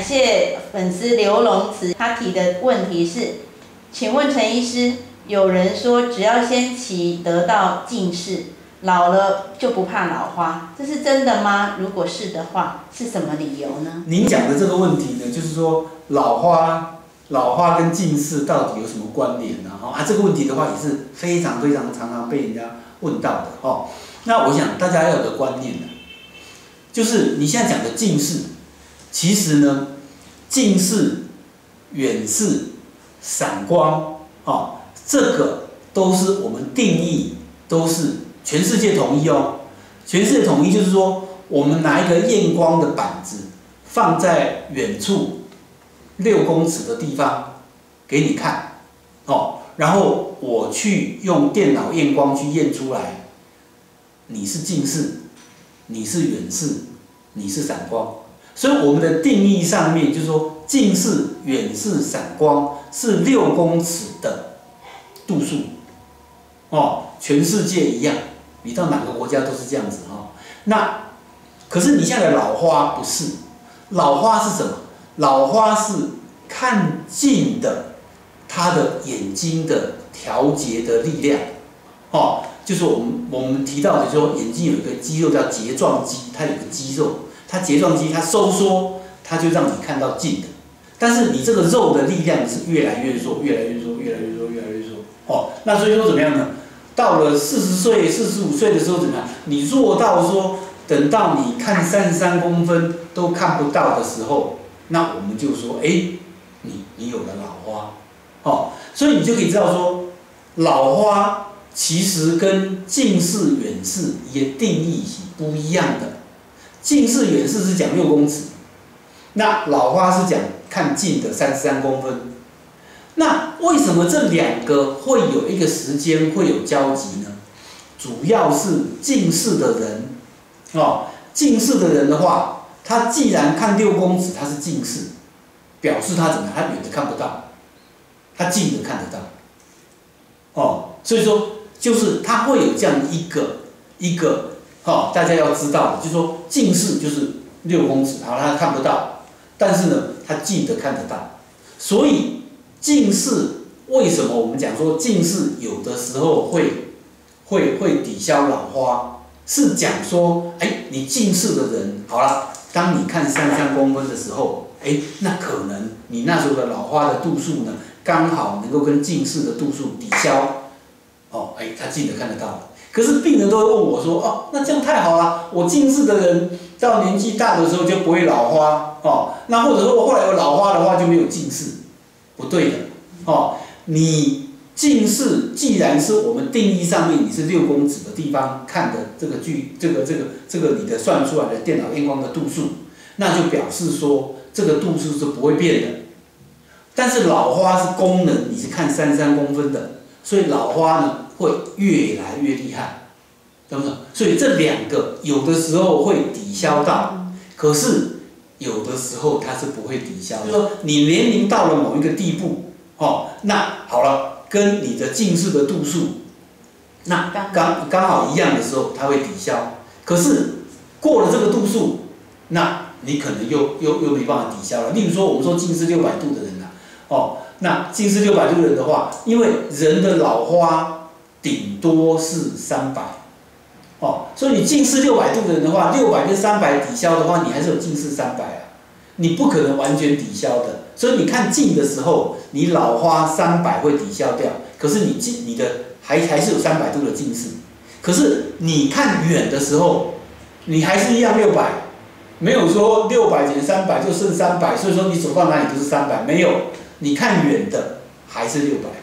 感謝粉絲劉龍慈，他提的問題是：請問陳醫師，有人說只要先期得到近視，老了就不怕老花，這是真的嗎？如果是的話，是什麼理由呢？您講的這個問題呢，就是說老花、老花跟近視到底有什麼關聯呢？啊，這個問題的話也是非常非常常常被人家問到的哦。那我想大家要有的觀念呢，就是你現在講的近視。其實呢，近視、遠視、散光啊，哦，這個都是我們定義，都是全世界統一哦。全世界統一就是說，我們拿一個驗光的板子放在遠處六公尺的地方給你看哦，然後我去用電腦驗光去驗出來，你是近視，你是遠視，你是散光。所以我們的定義上面就是說，近視、遠視、散光是六公尺的度數，哦，全世界一樣，你到哪個國家都是這樣子哈。那可是你現在的老花不是？老花是什麼？老花是看近的，他的眼睛的調節的力量，哦，就是我們我們提到的說，眼睛有一個肌肉叫睫狀肌，它有個肌肉。它睫狀肌它收縮，它就讓你看到近的，但是你這個肉的力量是越來越弱，越來越弱，越來越弱，越來越弱。哦，那所以說怎麼樣呢？到了四十歲、四十五歲的時候怎麼樣？你弱到說，等到你看三十三公分都看不到的時候，那我們就說，哎、欸，你你有了老花，哦，所以你就可以知道說，老花其實跟近視、遠視也定義是不一樣的。近視、遠視是講六公尺，那老花是講看近的三十三公分。那為什麼這兩個會有一個時間會有交集呢？主要是近視的人，哦，近視的人的話，他既然看六公尺，他是近視，表示他怎麼，他遠的看不到，他近的看得到。哦，所以說就是他會有這樣一個一個。好，大家要知道，就是、說近視就是六公尺，好，他看不到，但是呢，他近的看得到。所以近視為什麼我們講說近視有的時候會會會抵消老花？是講說，哎、欸，你近視的人好了，當你看三三公分的時候，哎、欸，那可能你那時候的老花的度數呢，剛好能夠跟近視的度數抵消，哦、喔，哎、欸，他近的看得到了。可是病人都會問我說：“哦，那這樣太好了，我近視的人到年紀大的時候就不會老花哦。那或者說我後來有老花的話就沒有近視，不對的哦。你近視既然是我們定義上面你是六公尺的地方看的這個距，這個這個這個你的算出來的電腦驗光的度數，那就表示說這個度數是不會變的。但是老花是功能，你是看三十三公分的。”所以老花呢會越來越厲害，懂不懂？所以這兩個有的時候會抵消到，可是有的時候它是不會抵消的。就是、嗯、說，你年齡到了某一個地步，哦，那好了，跟你的近視的度數，那剛剛好一樣的時候，它會抵消。可是過了這個度數，那你可能又又又沒辦法抵消了。例如說，我們說近視六百度的人吶、啊，哦。那近視六百度的人的話，因為人的老花頂多是三百，哦，所以你近視六百度的人的話，六百跟三百抵消的話，你還是有近視三百啊，你不可能完全抵消的。所以你看近的時候，你老花三百會抵消掉，可是你近你的還還是有三百度的近視。可是你看遠的時候，你還是一樣六百，沒有說六百減三百就剩三百，所以說你走到哪裡都是三百，沒有。你看遠的還是六百。